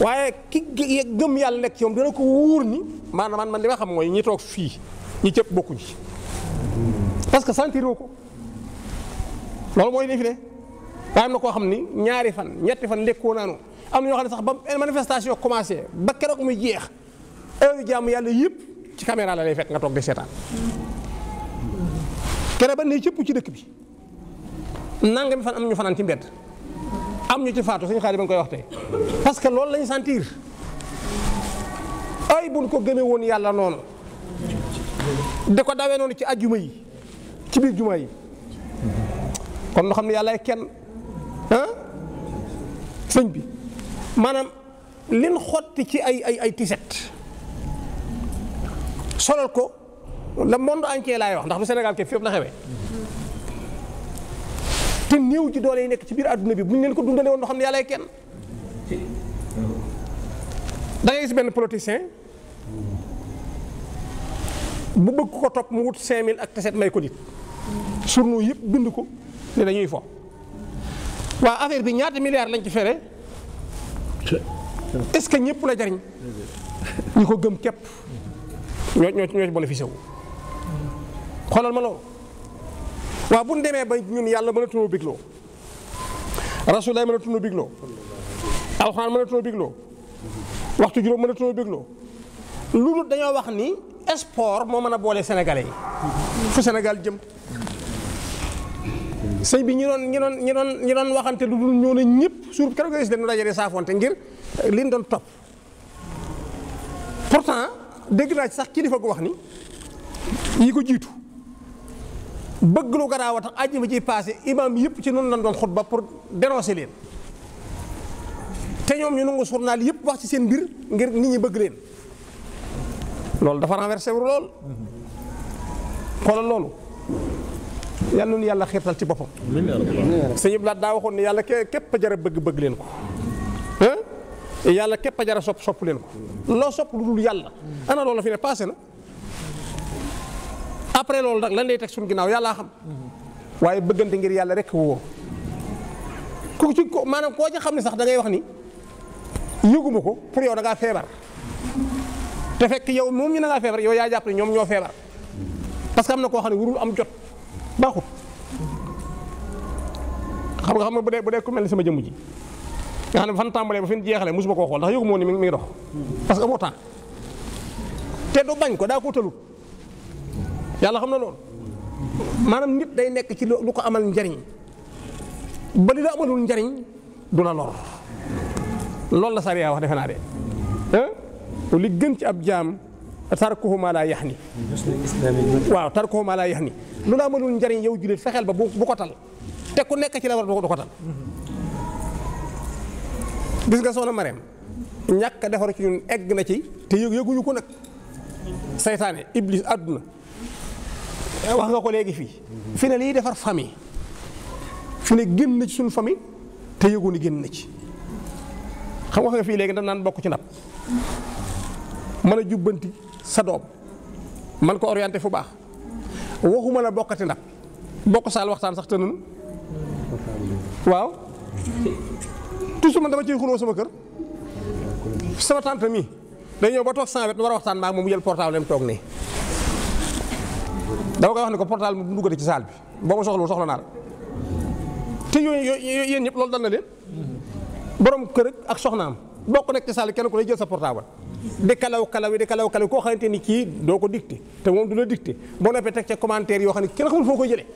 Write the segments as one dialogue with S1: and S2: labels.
S1: waaye ki gëm yàlla nekk ci moom dana ko wóor ni maanaam man li ma xam mooy ñi toog fii ñi cëpp bokku ci parce que sentiroo ko loolu mooy li fi ne waaye am koo xam ni ñaari fan ñetti fan lekkoo naanu am na ñoo xam ne sax ba manifestation commencé ba keroog muy jeex heure jàmm yàlla yëpp ci caméra la lay fekk nga toog di seetaan keroog ba ne cëpp ci dëkk bi nangami fan am ñu fanaan ci mbedd. am ñu ci faatu suñu xaar yi ba koy wax tey parce que loolu lañu sentir ay buñ ko gëme yàlla noonu di ko dawee noonu ci ajjuma yi ci biir juma yi kon loo xam ne yàlla kenn ah sëñ bi maanaam lin xotti ci ay ay ay tiset solal ko le monde entier laay wax ndax du Sénégal ke fépp la xewee te néew ji doole yi nekk ci biir àdduna bi bu ñu leen ko dundalee woon loo xam ne yàlla kenn. da ngay gis benn politicien bu bëgg ko topp mu wut 5000 ak taset may ko nit surnu yëpp bind ko ne dañuy fo waa affaire bi ñaata milliards lañ ci fere est-ce que ñëpp la jariñ ñi ko gëm képp ñoo ñoo ci bénéficié wu xoolal ma loolu. waaw bu ñu demee ba ñun yàlla mën mënatunoo bigloo rasulaay mënatunoo bigloo alxuraan mënatunoo bigloo waxtu juróom mënatunoo bigloo lu dañoo wax ni sport moo mën a boole sénégalais yi fu Sénégal jëm sëñ bi ñu doon ñu doon ñu doon waxante lu dul ñëw na ñëpp suur keroog gis dañu dajale saafonte ngir liñ doon topp pourtant dégg naa sax kilifa gu wax ni yi ko jiitu. bëgg lu garaaw a tax àjjuma ci passé imaam yëpp ci noonu lañ doon xutba pour dénoncer leen te ñoom ñu nangu journal yëpp wax ci seen mbir ngir nit ñi bëgg leen loolu dafa renversé wu lool xoolal loolu yàlla xiirtal ci boppam. sëñ Ibrahima daa waxoon ne yàlla képp a bëgg bëgg leen ko. yàlla képp a jar a sopp sopp leen ko loo sopp lu dul yàlla ana loolu fi ne passé na. après loolu nag lan lay teg suñu ginnaaw yàllaa xam waaye bëggante ngir yàlla rek woo ku ci ko maanaam koo ci xam ne sax dangay wax ni yëguma ko pour yow da ngaa feebar te fekk yow moom ñu da ngaa feebar yow yaa jàpp ñoom ñoo feebar parce que am na koo xam ne warul am jot baaxut xam nga xam nga bu dee bu dee ku mel ni sama jëmm ji nga xam ne fan tàmbalee ba fi mu jeexalee koo xool ndax yëgu moo ni mi ngi dox parce que amoo temps te du bañ ko daa ko tëlu yàlla xam na lool maanaam nit day nekk ci lu ko amal njariñ ba li la amalul njariñ du la lool loolu la sariya wax defe naa de li gën ci ab jaam tarkuhu maa laa yax ni waaw koo maa laa yax ni lu la amalul njariñ yow jullit fexeel ba bu ko tal te ku nekk ci la war du ko tal gis nga soxna Marème ñàkk defar ci ñun egg na ci te yëg yëguñu ko nag saytaane iblis àdduna wax nga ko léegi fii fi ne liy defar famille fi ne génn na ci suñu famille te yëgu ni génn na ci xam wax nga fii léegi dañ naan bokk ci nab mën a jubbanti sa doom man ko orienté fu baax waxuma la bokkati nab bokk saal waxtaan sax te nanu waaw toujours man dama ciy xuloo sama kër sama tante mi day ñëw ba toog sans wet war a waxtaan maa moom jël portable am toog nii dama koy wax ne ko portable mu dugg ci saal bi boo ma soxlawul soxla naa la te yooyu yooyu yéen ñëpp loolu dal na leen borom kër ak soxnaam boo nekk ci saal bi kenn ko la jël sa portable. di kalaw kalaw di kalaw kalaw koo xamante ni kii doo ko dicté te moom du la dicté boo noppee tek ca commentaire yoo xam ne kenn xamul foo ko jëlee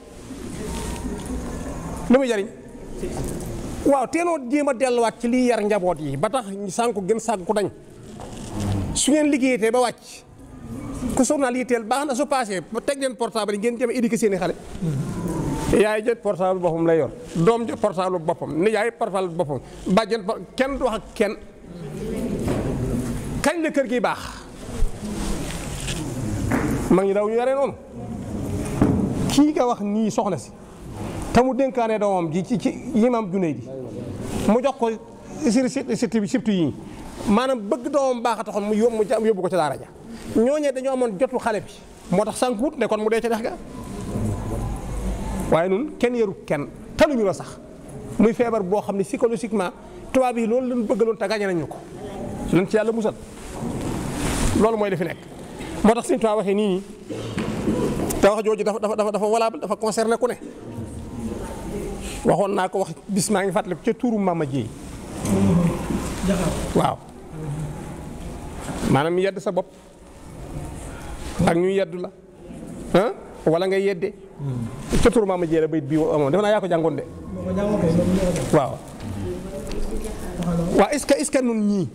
S1: lu muy jariñ waaw teenoo jéem a delluwaat ci liy yar njaboot yi ba tax sànku gën sànku dañ su ngeen liggéeyatee ba wàcc. ku journal lii teel baax na su paasee teg leen portable yi ngeen jëm éduquer seen i xale. yaay jot portable boppam lay yor doom jot portable boppam ni yaay portable boppam bàjjen kenn du wax ak kenn kañ la kër gi baax mag ñi daw ñu yare noonu kii nga wax nii soxna si te mu dénkaane doomam ji ci ci yimam junay ji mu jox ko si si surtout yi maanaam bëgg doomam baax a taxoon mu yóbbu ko ca daara ja ñooñee dañoo amoon jotu xale bi moo tax sànq wut ne kon mu dee ca dex ga waaye nun kenn yaru kenn taluñu la sax muy feebar boo xam ne psychologiquement tubaab yi loolu lañ bëggaloon te gàñe nañu ko lan ci yàlla musal loolu mooy dafi nekk moo tax suñu tubaab waxee nii nii te wax jooju dafa dafa dafa valable dafa concerné ku ne waxoon naa ko wax bis maa ngi fàttaliku ca tuuru Mama Jéey waaw maanaam yedd sa bopp ak ñu yedd la ah wala nga yedde hmm. ca tur maama jeere bayit bii amoon defe naa yaa ko jàngoon de waaw waaw est ce que est ce que nun ñii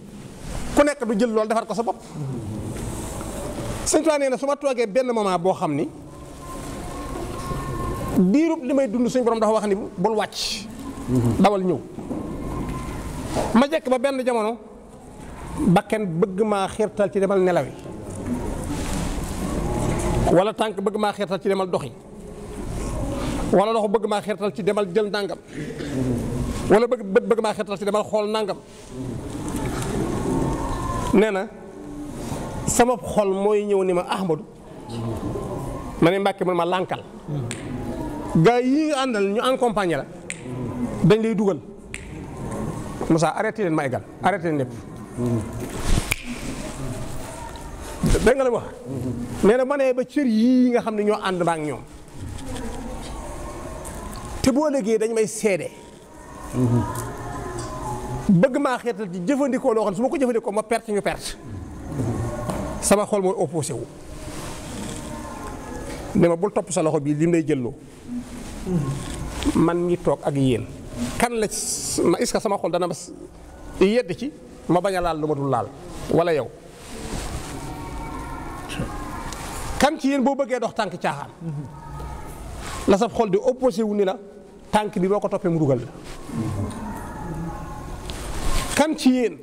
S1: ku nekk du jël lool defar ko sa bopp sëñ Tuubaa nee na su ma toogee benn moment boo xam ni diirub li may dund suñ borom dafa wax ni bul wàcc hmm. dawal ñëw ma jekk ba benn jamono bakken bëgg maa xiirtal ci demal nelawi wala tànk bëgg maa xiirtal ci demal doxi wala loxo bëgg maa xiirtal ci demal jël nàngam wala bëgg bëgg maa xiirtal ci demal xool nàngam nee na sama xol mooy ñëw ni ma Ahmadou ma ne Mbàkke man ma lànkal gaa yi àndal ñu accompagner la dañ lay dugal Moussa arrêté leen ma égal arrêté leen lépp. dégg nga li wax. nee na ma ne ba cër yii nga xam ne ñoo ànd ak ñoom. te boo léegi dañ may seede. bëgg maa xeetal ci jëfandikoo loo xam ne su ma ko jëfandikoo ma perte ñu perte. sama xol mooy opposé wu. ne ma bul topp sa loxo bii lim lay jëlloo. man ñi toog ak yéen. kan la ma est sama xol dana ma yedd ci ma bañ a laal lu ma dul laal wala yow kan ci yéen boo bëggee dox tànk caaxaan la sab xol di opposé wu ni la tànk bi boo ko toppee mu dugal la kan ci yéen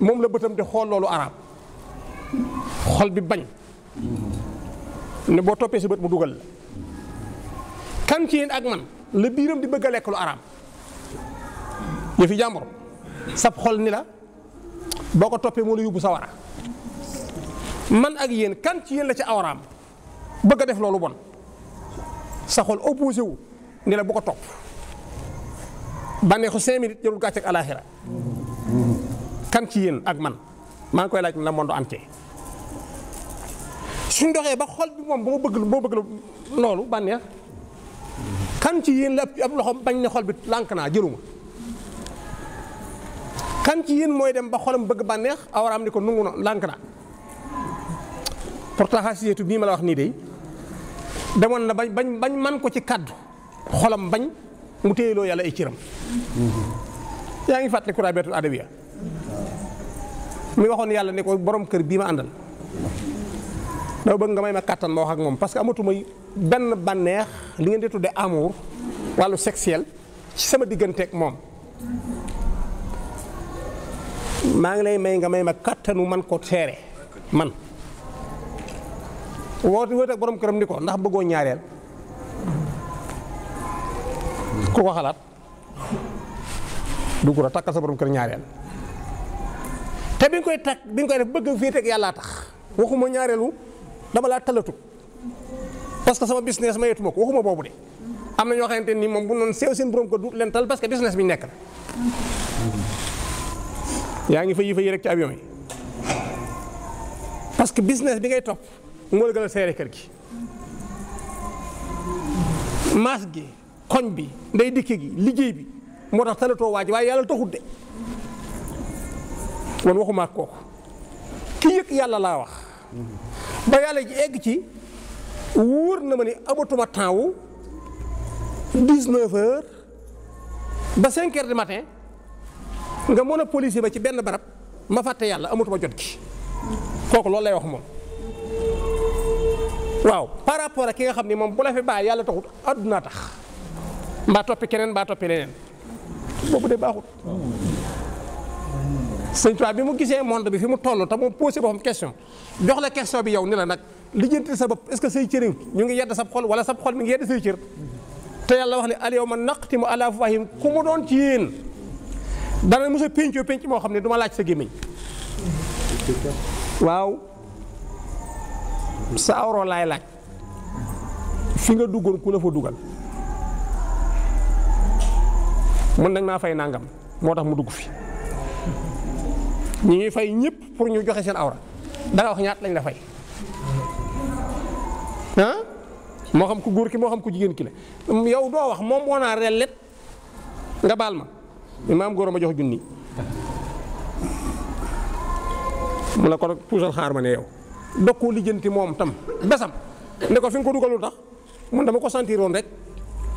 S1: moom la bëtam di xool loolu araam xol bi bañ ne boo toppee sa bët mu dugal kan yéen ak man la biiram di bëgg a lekk lu araam yëf yi jàmbur sab xol ni la boo ko toppee moo la yóbbu sawara man ak yéen kan ci yéen la ci awraam bëgg a def loolu bon sa xol opposé wu ni la bu ko topp bànneexu cinq minutes jarul gàcce ak alaaxira kan ci yéen ak man maa ngi koy laaj la monde suñ doxee ba xol bi moom ba ma bëgg bëgg loolu bànneex kan ci yéen la ab loxo bañ ne xol bi lànk naa jëluma kan ci yeen moy dem ba xolam bëgg banex awaraam ni ko nungu na lànk na portaxaasiyeetu bi ma la wax ni de demon na bañ bañ man ko ci kaddu xolam bañ mu teyelo yalla e ciram yaa ngi fatte kuraa adawiya mi waxon yalla ni ko borom keur bi ma andal da bëgg nga may ma katan mo wax ak mom parce que may ben banex li ngeen di amour walu sexuel ci sama digganteeg mom maa ngi lay may nga may ma kàttanu man ko seere man woote woote ak borom këram ni ko ndax bëggoo ñaareel ku ko xalaat du ko takkal sa borom kër ñaareel te bi nga koy takk bi nga koy def bëgg fii teg yàllaa tax waxuma ñaareelu dama laa talatu parce que sama business ma yetuma ko waxuma boobu de am na ñoo xamante ni moom bu noonu seew seen borom ko du leen tal parce que business bi ñu nekk la yaa ngi fay fay rek ci avion yi parce que business bi ngay topp moo la gën a seere kër gi maas gi koñ bi ndey dikke gi liggéey bi moo tax tanatoo waaj waaye yàlla taxut de kon waxuma ak kooku ki yëg yàlla laa wax ba yàlla ji egg ci wóor na ma ni amatuma temps wu ba 5 heures matin nga police ba ci ben barab ma fàtte yàlla amatuma jot gi kooku loolu wax moom waaw par rapport ak ki nga xam ni bu la fi bàyyi yàlla taxut àdduna tax mbaa toppi keneen mbaa toppi leneen boobu de baaxut sëñ Tuubaa bi mu gisee monde bi fi mu toll te mu posé boppam question jox la question bi yow ni la nag lijjanti sa bopp est-ce que say cëriw ñu ngi yedd sab xol wala sab xol mi ngi yedd say cër te yàlla wax ne al yawma naqtimu ala afwahihim ku mu ci yéen dana mos a péncoo pénc moo xam ne du laaj sa gémmiñ waaw sa awro laay laaj fi nga duggoon ku la fa dugal mën nag maa fay nangam moo tax mu dugg fi ñu ngi fay ñëpp pour ñu joxe seen awra danga wax ñaat lañ la fay ah moo xam ku góor ki moo xam ku jigéen ki la yow doo wax moom moo naa rellet nga baal ma maam góor ma jox junni mu la kon puusal xaar ma ne yow dog lijjanti moom tam besam ne ko fi nga ko dugalul tax mun dama ko sentiroon rek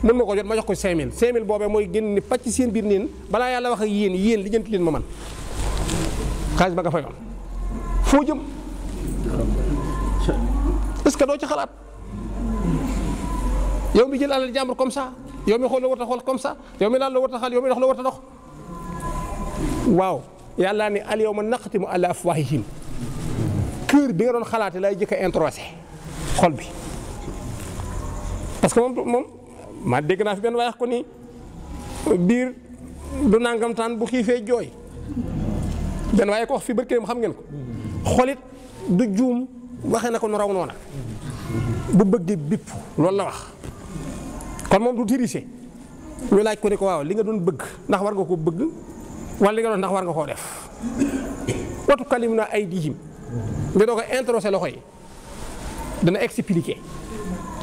S1: mën ma ko jot ma jox ko 5000 5000 boobee mooy génn ni pàcc seen biir neen balaa yàlla wax a yéen yéen lijjanti leen ma man xaalis ba nga fayoon foo jëm est que doo ci xalaat yow mi jël alal jàmbur comme ça يومي خلو ورطة خل كمسا يومي لا لورطة خل يومي خلو ورطة خل واو يا لاني اليوم نختم على أفواههم كير بيرون خلات لا يجيك انتروسي خل بي بس كم مم ما ديك ناس بين وياك كوني بير دونان كم تان بخي جوي بين وياك في بركة مخمن خلت دجوم واخنا كنا راونونا بو بيب لول لا kon mom du tricher ñu laaj ko ne ko waaw li nga doon bëgg ndax war nga ko bëgg wala li nga doon ndax war nga ko def watu kalimuna ay nga do ko introsé loxoy dana expliquer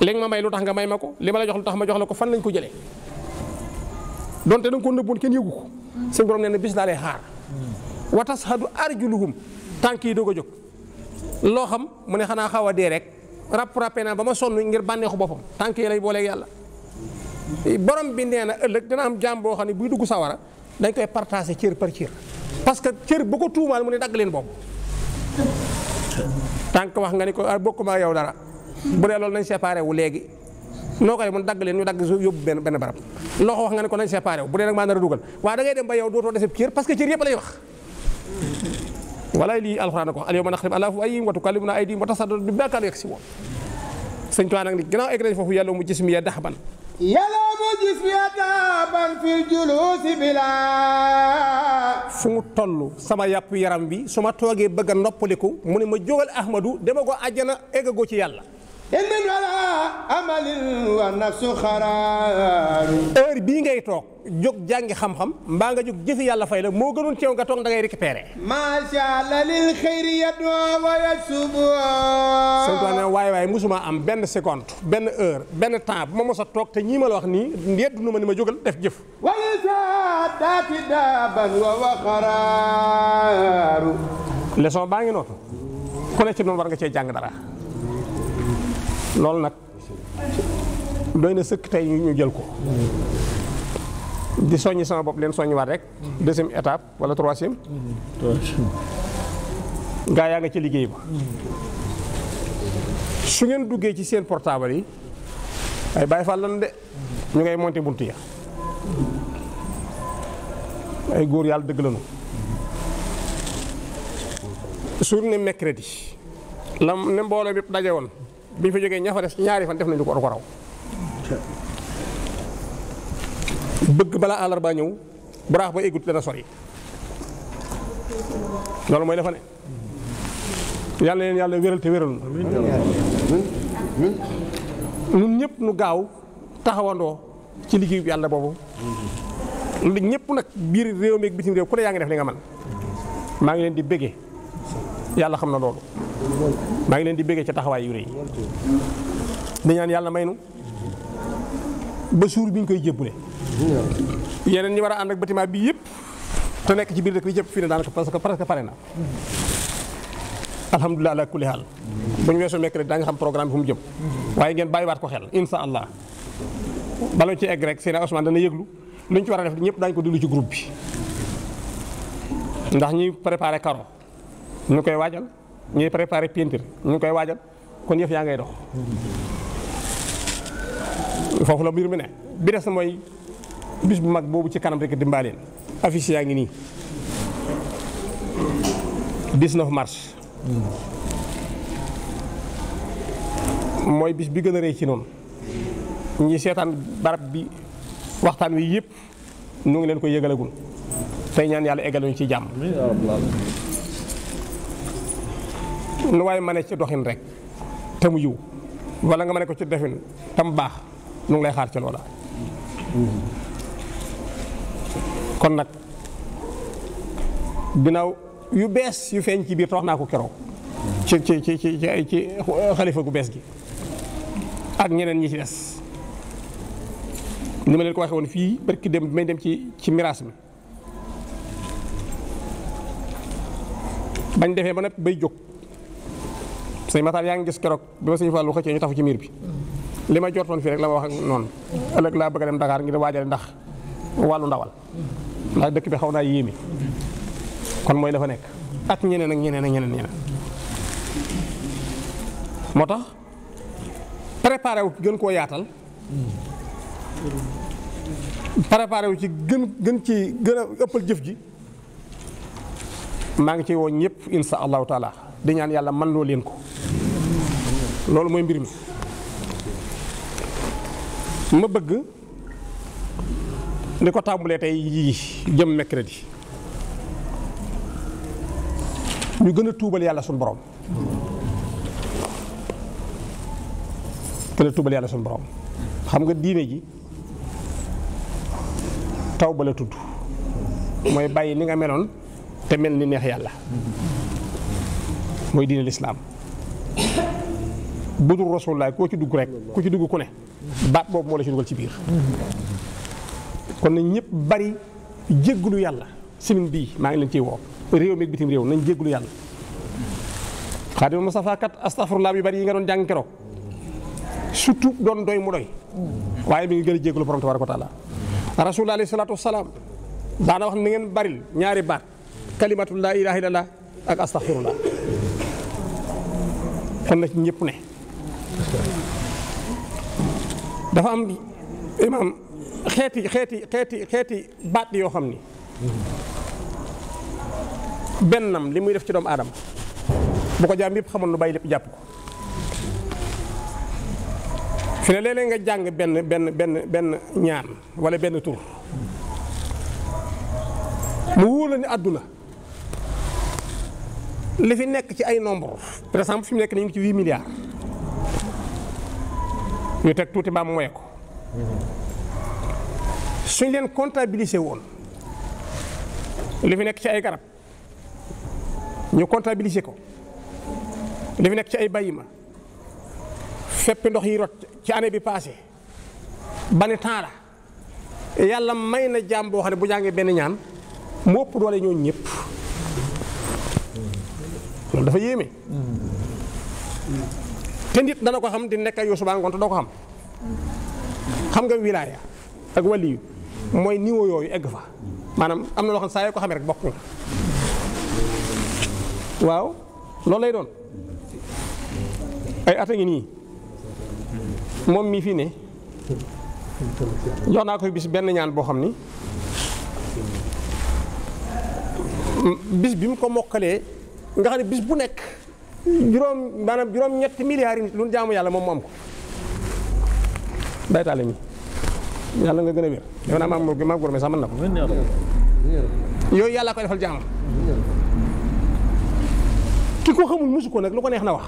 S1: leg ma may lutax nga may mako ko li ma la jox lutax ma jox lako fan lañ ko jëlé donte da ko nëbboon ken yeguko sun borom neena bis la lay xaar watashadu arjuluhum tanki do ko a lo xam mune xana xawa de rek rap rapena bama sonu ngir banexu bopam tanki lay yalla borom bi neena na dina am jaam bo xamni buy dugg sawara dañ koy partager cieur par cieur parce que cieur bu ko tuumal mu ne dag leen boobu tank wax nga ni ko ah, bokuma yow dara bu dee lol nañ séparé wu légui noo koy mun dagg leen ñu dag yob ben ben barap loxo wax nga ni ko nañ séparé wu bu dee nak ma na duggal dugal da ngay dem ba yow doto deseb cieur parce que cieur yëpp lay wax walay li alquran ko al yawma nakhrib ala afwahihim wa tukallimuna aydihim wa tasaddu bi bakaar yegsi woon sëñ tuwaa nag ni ginnaaw egg nañ foofu mu jismi ya yaloo mu gis bi ataaban fil juluusi bila fu mu toll sama yàpp yaram bi su ma toogee bëgg a noppaliku mu ne ma jógal Ahmadu dama ko àjjana eggagoo ci yàlla. amalil wa nafsu xaraar heure bii ngay toog jóg jàngi xam-xam mbaa nga jóg jëfi yàlla fay la moo gënoon teew nga toog da ngay récupéré macha allah lil xëyri yadu wa yasubu santaane waay waay mosuma am benn seconde benn heure benn temps bu ma mos toog te ñii ma la wax nii ndeddu nu ma ni ma jógal def jëf wala daati daaban wa wa xaraaru baa ngi nootu ku ne ci noonu war nga cee jàng dara loolu nag doy na sëkk tey ñu jël ko di soññ sama bopp leen soññiwaat rek deuxième étape wala troisième gaa yaa nga ci liggéey ba su ngeen duggee ci seen portaabal yi ay bàyyi fàll de ñu ngay monté bunt ya ay góor yàlla dëgg lanu journée mercredi la ne mbooloo bépp daje woon bi fa joge ñafa fa ñaari fan def nañu ko ko raw bëgg bala ñew bu raax ba égut dana sori moy la fa ne yalla leen yalla wëral te wëral ñun ñëpp nu gaaw taxawando ci liggéey bobu boobu ñëpp nak biir réew mi ak bitim réew ku ne yaa def li nga man ma ngi leen di bëggé yalla xamna loolu maa ngi leen di bëggee ca taxawaay yu rëy di ñaan yàlla may nu ba suur bi ñu koy jébbule yeneen ñi war a ànd ak bâtiment bi yëpp te nekk ci biir dëkk bi yëpp fii ne daanaka parce que presque pare na alhamdulilah ala kulli haal bu ñu weesoo mercredi daa nga xam programme bi fu mu jëm waaye ngeen bàyyiwaat ko xel insha allah bala ci egg rek seen Ousmane dana yëglu lu ci war a def ñëpp daañu ko déglu ci groupe bi ndax ñuy préparé karo ñu koy waajal ñuy préparer peinture ñu koy wajal kon yef ya ngay dox fofu la mbir mi ne bi dess moy bis bu mag bobu ci kanam rek dimbalen affiche ya ngi ni 19 mars moy bis bi gëna a ci non ñi seetaan barab bi waxtan wi yépp ñu ngi leen ko yégalagul tay ñaan yalla yàlla ñu ci jàmm lu waaye ma ne ci doxin rek te mu yiw wala nga mane ko ci defin tam baax nu ngi lay xaar ci loola kon nag ginnaaw yu bees yu feeñ ci biir tox naa ko keroog ci ci ci ci ci xalifa gu bees gi ak ñeneen ñi ci des ni ma leen ko waxee woon fii barki dem may dem ci ci miraas mi bañ defee ba nag bay jóg sëñ Matar yaa ngi gis keroog bi ma sëñ Fallou xëccee ñu tafu ci miir bi li ma jortoon fii rek la ma wax ak noonu ëllëg laa bëgg a dem Dakar ngir waajale ndax wàllu ndawal ndax dëkk bi xaw naa yéeme kon mooy dafa nekk ak ñeneen ak ñeneen ak ñeneen moo tax préparé wu gën koo yaatal préparé wu ci gën gën ci gën a ëppal jëf ji maa ngi ci woo ñëpp insha allahu taala di ñaan yàlla man loo leen ko loolu mooy mbir mi ma bëgg li ko tàmbulee tey yii jëm mercredi ñu gën a tuubal yàlla suñu boroom gën a tuubal xam nga diine ji taw bala la tudd mooy bàyyi ni nga meloon te mel ni neex yàlla mooy diine lislaam budul rasulullah koo ci dugg rek ku ci dugg ku ne baat boobu moo la ci dugal ci biir kon nañ ñëpp bari jéggulu yàlla semaine bii maa ngi leen ciy woo réew mi bitim réew nañ jéggulu yàlla xaadima Mustafa kat astafurlaa bari yi nga doon jàng keroog surtout doon doy mu doy waaye mi ngi gën a jéggulu borom tabaaraka wa taala rasulullah alayhi ñaari baat kalimatu laa ak astafurlaa fan la ci ñëpp ne dafa am imaam xeeti xeeti xeeti xeeti baat yoo xam ni bennam li muy def ci doomu aadama bu ko jaam yëpp xamoon nu bàyyi lépp jàpp ko fi ne léeg nga jàng benn benn benn benn ñaan wala benn tur mu wóor ni àdduna li fi nekk ci ay nombre par exemple fi mu nekk ngi ci huit milliards ñu teg tuuti ba mu moye ko suñ leen comptabiliser woon li fi nekk ci ay garab ñu comptabiliser ko li fi nekk ci ay bayima fépp ndox yi rot ci année bi passé ba temps la yàlla may na jàmm boo xam ne bu jàngee benn ñaan moo ëpp doole ñooñu ñëpp. loolu dafa yéeme. te nit dana ko xam di nekk ak yow ngoon te doo ko xam. xam nga wilaaya ak waliyu mooy niveau yooyu egg fa maanaam am na loo xam saa yoo ko xamee rek bokk nga waaw loolu lay doon ay at ngi nii moom mii fii ne jox naa ko bis benn ñaan boo xam ni bis bi mu ko mokkalee nga xam ne bis bu nekk juróom maanaam juróom-ñetti milliards yi lu jaamu yàlla moom mu am ko daytaale mi yàlla nga gën a wér yow naa maam maam góor mi sax mën na ko yooyu yàlla koy defal jaamam ki ko xamul musu ko nag lu ko neex na wax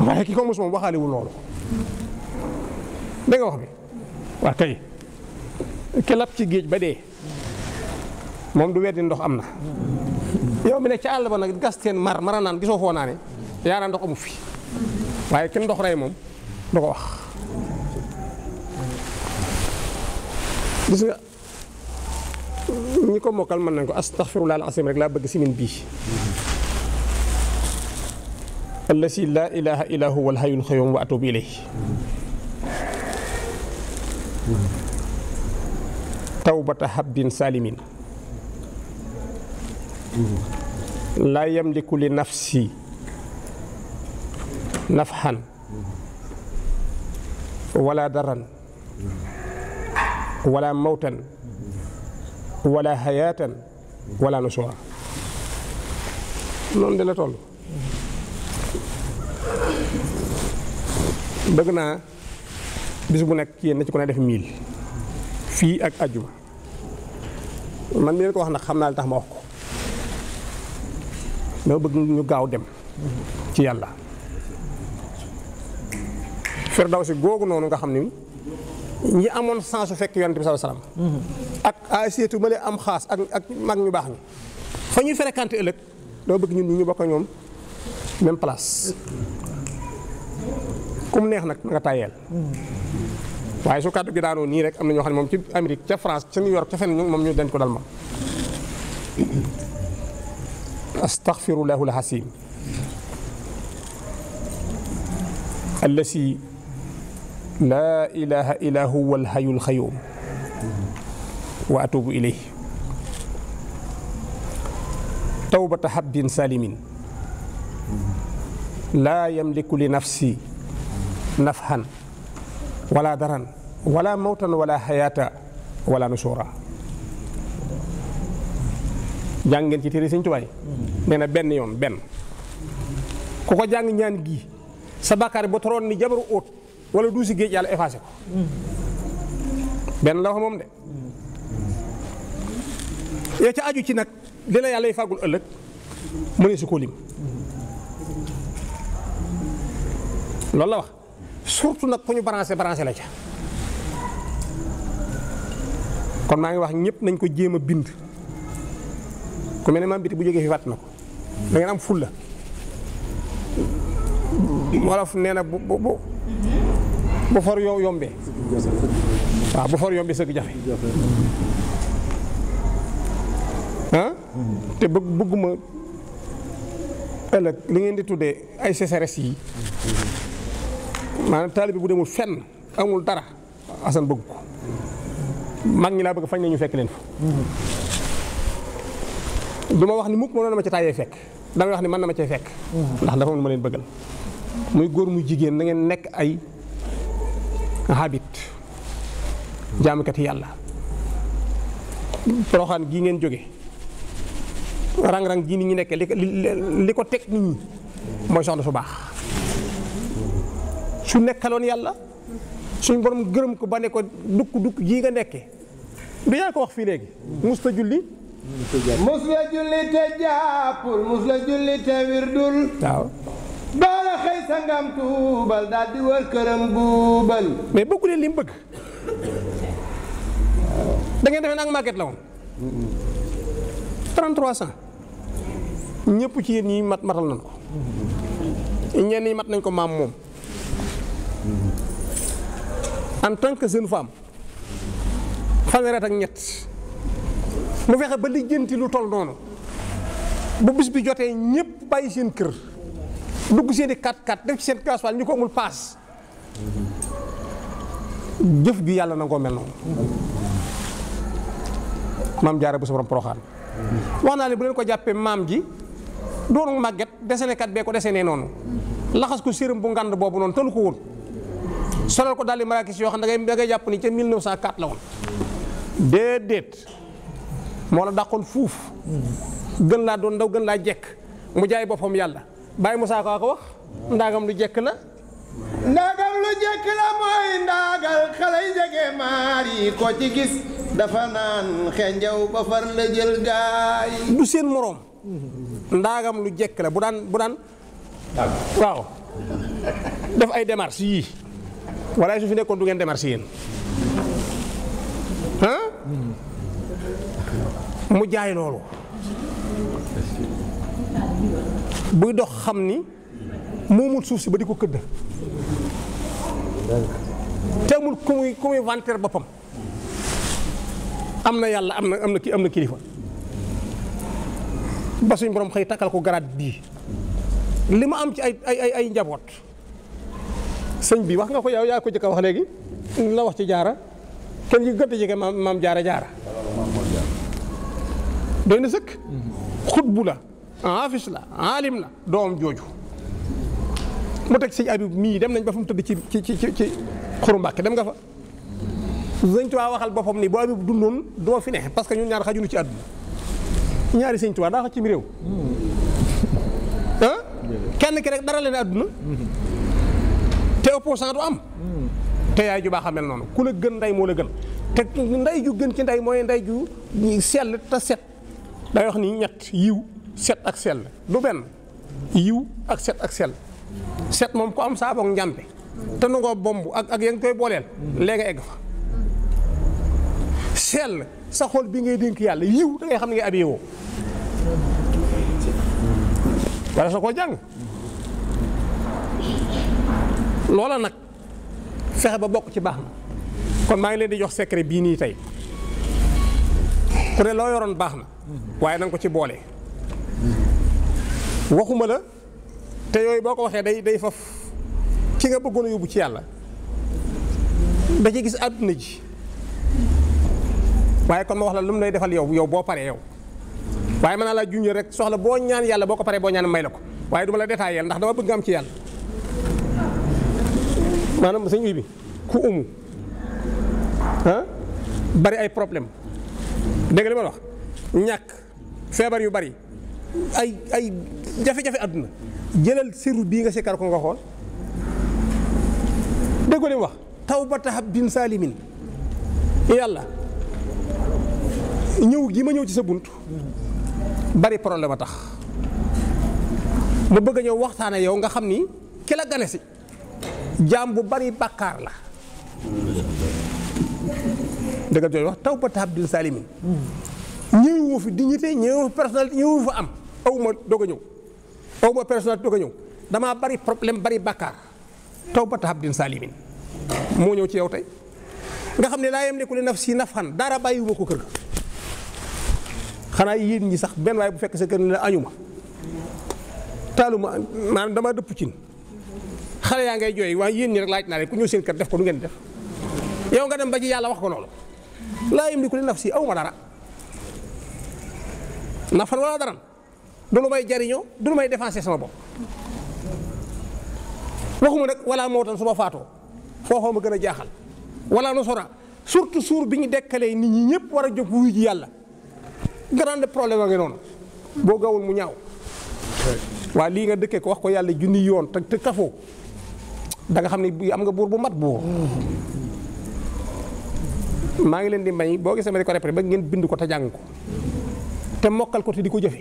S1: waaye ki ko mus moom waxaaliwul loolu da wax bi waa kay kelab ci géej ba dee moom du weddi ndox am na yow mi ne ca àll ba nag gas teen mar mara naan gisoo foo naane yaa ndox amu fi waaye kenn ndox rey moom du ko wax gis ñi ko mokkal mën nañ ko astaxfirullah al asim rek laa bëgg simin bii allasi laa ilaha illa huwa alhayyul qayyum wa atubu ilayhi tawbata habdin salimin laa yamliku li nafsi nafxan wala daran wallaa mawtan wala hayaatan wala nusuwa noonu de la toll bëgg naa bis bu nekk yéen na ci ko ne def miil fii ak ajjuma man mi leen ko wax nag xam naa li tax ma wax ko dama bëgg ñu gaaw dem ci yàlla firdawsi googu noonu nga xam ni ñi amoon sens su fekk yonent bi sallallahu alayhi wasallam ak ma lee am xaas ak ak mag ñu baax ñi fa ñuy fréquenté ëllëg dama bëgg ñu ñi ñu bokk ñoom même place kum neex nag na nga tàyyeel waaye su kàddu gi daanoo nii rek am na ñoo xam ne moom ci Amérique ca France ca New York ca fenn moom ñu denc ko dal ma أستغفر له العظيم الذي لا إله إلا هو الحي القيوم وأتوب إليه توبة حب سالم لا يملك لنفسي نفحا ولا درا ولا موتا ولا حياة ولا نشورا jàng ngeen ci téré seigne touba hmm. nee na benn yoon ben kuko jang ñaan gi sa bàkkaar ba toron ni jabru wala duusi geej yalla effacé ko hmm. ben la wax mom de hmm. ya ci aju ci nak dina yalla yàlla fagul fàggul ëllëg mu ne su ko lim la wax surtout nak ko ñu la ci kon ma ngi wax ñepp nañ ko jema bind ku mel ne biti bu jógee fi fàtt na ko da ngeen am fulla wolof nee na bu bu bu for yow yombee waaw bu for yombee sëgg jafe ah te bëgg bëgguma ëllëg li ngeen di tuddee ay sécheresse yi maanaam taalibe bu demul fenn amul dara asan bëgg ko mag ñi laa bëgg fañ ne ñu fekk leen fa du ma wax ni mukk mënoon na ma ci taayee fekk damay wax ni mën na ma cee fekk. ndax dafa nu ma leen bëggal. muy góor muy jigéen na ngeen nekk ay habit jaamukati yàlla. poroxaan gii ngeen jóge rang-rang gii nit ñi nekkee li ko teg nit ñi mooy soxna su baax su nekkaloon yàlla suñ borom gërëm ko ba ne dukk dukk jii nga nekkee du yaa ko wax fii léegi musta julli mus la julli te jàppul mus julli te wirdul waaw baala xëy sangam tuubal daal di wër këram buubal mais bëggu leen li mu bëgg da ngeen defee nag la 3300 ci mat matal nañ ko mat nañ ko maam moom en tant que jeune femme ak ñett mu fexe ba lijjanti lu toll noonu bu bis bi jotee ñëpp bàyyi seen kër dugg seen i kat kat def ci seen gasoil ñu ko amul paas jëf ju yàlla nangoo mel noonu maam jaara bu sa borom poroxaan wax naa ne bu leen ko jàppee maam ji doonu màgget desene kat bee ko desenee noonu laxas ko séram bu ngande boobu noonu tëlu ko woon solal ko daal di marakis yoo xam ne da ngay da ngay jàpp ni ca 1904 la woon déedéet mo la dàqoon fouf gën la doon ndaw gën la jek mu jaay bopam yalla bay musa ko ko wax ndagam lu jek la ndagam lu jek la moy ndagal xale yi jege maar ko ci gis dafa nan xenjaw ba far la jël gaay du seen morom ndagam lu jek la bu daan bu waaw def ay démarches yi wala su fi nekkon du ngeen démarches yéen hein mu jaay loolu buy dox xam ni moomul suuf si ba di ko këdd te amul ku muy ku muy vanter boppam am na yàlla am na am na ki am na kilifa ba suñ borom xëy takkal ko garaat bii li ma am ci ay ay ay njaboot sëñ bi wax nga ko yow yaa ko jëkk a wax léegi la wax ci jaara kenn yi gënt jege maam maam jaara jaara doy na sëkk xutbu la haafis la aalim la doom jooju mu teg sëñ Abib mii dem nañ ba fu mu tëdd ci ci ci ci xuru Mbàkke dem nga fa sëñ Tuubaa waxal boppam ni boo Abib dundoon doo fi ne parce que ñun ñaar xajunu ci àdduna ñaari sëñ Tuubaa daa xaj ci mi réew ah kenn ki rek dara leen àdduna te opposant du am te yaay ju baax a mel noonu ku la gën ndey moo la gën te ndey ju gën ci ndey mooy ndey ju sell te set day wax ni ñett yiw set ak sell du benn yiw ak set ak sell set moom ko am saabook njàmpe te nu bomb ak ak ya koy booleel léegi egg fa sell sa xol bi ngay dénk yàlla yiw da xam ne ngay abiyewoo wala sa koo jàng loola nag fexe ba bokk ci baax na kon maa ngi leen di jox secret bii nii tey ku ne loo yoroon baax na waaye na nga ko ci boole waxuma la te yooyu boo ko waxee day day faf ki nga bëggoon a yóbbu ci yàlla da ci gis àdduna ji waaye kon ma wax la lu mu lay defal yow yow boo paree yow waaye mën naa laa junjee rek soxla boo ñaan yàlla boo ko paree boo ñaan may la ko waaye du ma la détaillé ndax dama bëgg am ci yàlla maanaam sëñ bi ku umu ah bari ay problème dégg nga li ma wax ñàkk feebar yu bari ay ay jafe-jafe àdduna jëlal sirru bii nga sikkar ko nga xool dégg li wax taw ba taxab bin saalimin yàlla ñëw gi ma ñëw ci sa bunt bari problème a tax ma bëgg a ñëw waxtaane yow nga xam ni ki la gane si jaam bu bari bàkkaar la dëgg jooju wax taw ba taab dil saalimi ñëwuma fi dignité ñëwuma fi personnalité fi am aw ma doog a ñëw aw ma personnalité a ñëw damaa bari problème bari bàkkaar taw ba taab dil saalimi moo ñëw ci yow tey nga xam ne laa yem nekkul nafsi nafan dara bàyyiwuma ko kër xanaa yéen ñi sax benn waaye bu fekk sa kër ne la añu ma taaluma maanaam damaa dëpp cin xale yaa ngay jooy waaye yéen ñi rek laaj naa leen ku ñëw seen kër def ko nu ngeen def yow nga dem ba ci yàlla wax ko noonu. laa yamliku li nafsi aw ma dara nafan wala daran du lu may jariñoo du lu may défensé sama bopp waxuma nag wala moo tan su ma faatoo foofoo ma gën a jaaxal wala nu sora surtout suur bi ñu dekkalee nit ñi ñëpp war a jóg wuy yàlla grande problème a ngi noonu boo gawul mu ñaaw waa lii nga dëkkee ko wax ko yàlla junni yoon te te kafoo da xam ne am nga buur bu mat buur maa ngi leen di may boo gisee ma di ko répété ba ngeen bind ko te jàng ko te mokkal ko te di ko jëfe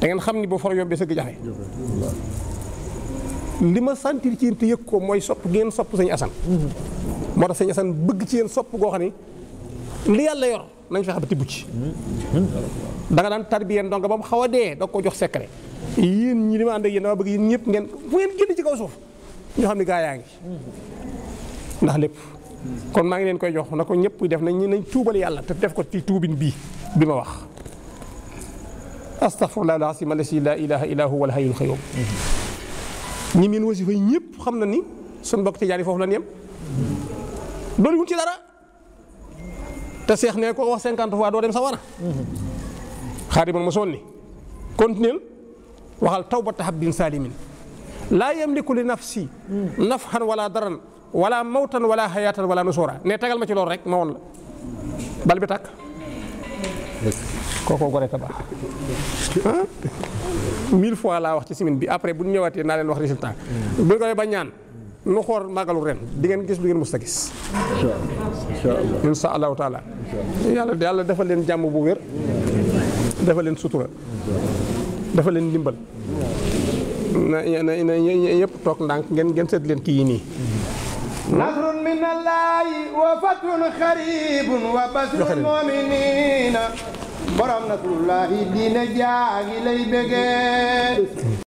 S1: da ngeen xam ni bu for yombee sëgg jafe li ma sentir ci yéen te ko mooy sopp ngeen sopp sëñ Assane moo tax sëñ Assane bëgg ci yéen sopp goo xam ni li yàlla yor nañ fexe ba tibb ci danga nga daan tarbiyeen donc ba mu xaw a dee da ko jox secret yéen ñi li ma ànd ak yéen dama bëgg yéen ñëpp ngeen fu ngeen génn ci kaw suuf ñu xam ni gaa yaa ngi ndax lépp kon maa ngi leen koy jox na ko ñëpp def nañ nañ tuubal yàlla te def ko ci tuubin bii bi ma wax astaghfirullah al-azim alladi la ilaha illa huwa al-hayyul qayyum ñi meen wasifa yi ñëpp xam na ni sun mbokk tijaan yi foofu lañ yem doolu wuñ ci dara te seex ne ko wax cinquante fois doo dem sa war
S2: a
S1: xaadiman ma soon ni continuel waxal tawba tahabbin salimin laa yamliku li nafsi nafhan wala daran wala mautan wala hayatan wala nusura ne tagal ma ci loolu rek ma woon la bal bi tak koko gore tabax mille fois la wax ci semaine bi après bu ñu na leen wax résultat bu ngoy ba ñaan nu xor magalu ren di ngeen gis bu ngeen musta gis insha allah taala yalla yalla defal leen jamm bu wér defal leen sutura defal leen limbal na na na ñëpp tok ndank ngeen ngeen set leen kii yi nii نصر من الله وفتح خريب وبشر المؤمنين برم نصر الله دين جاهلي
S2: بقى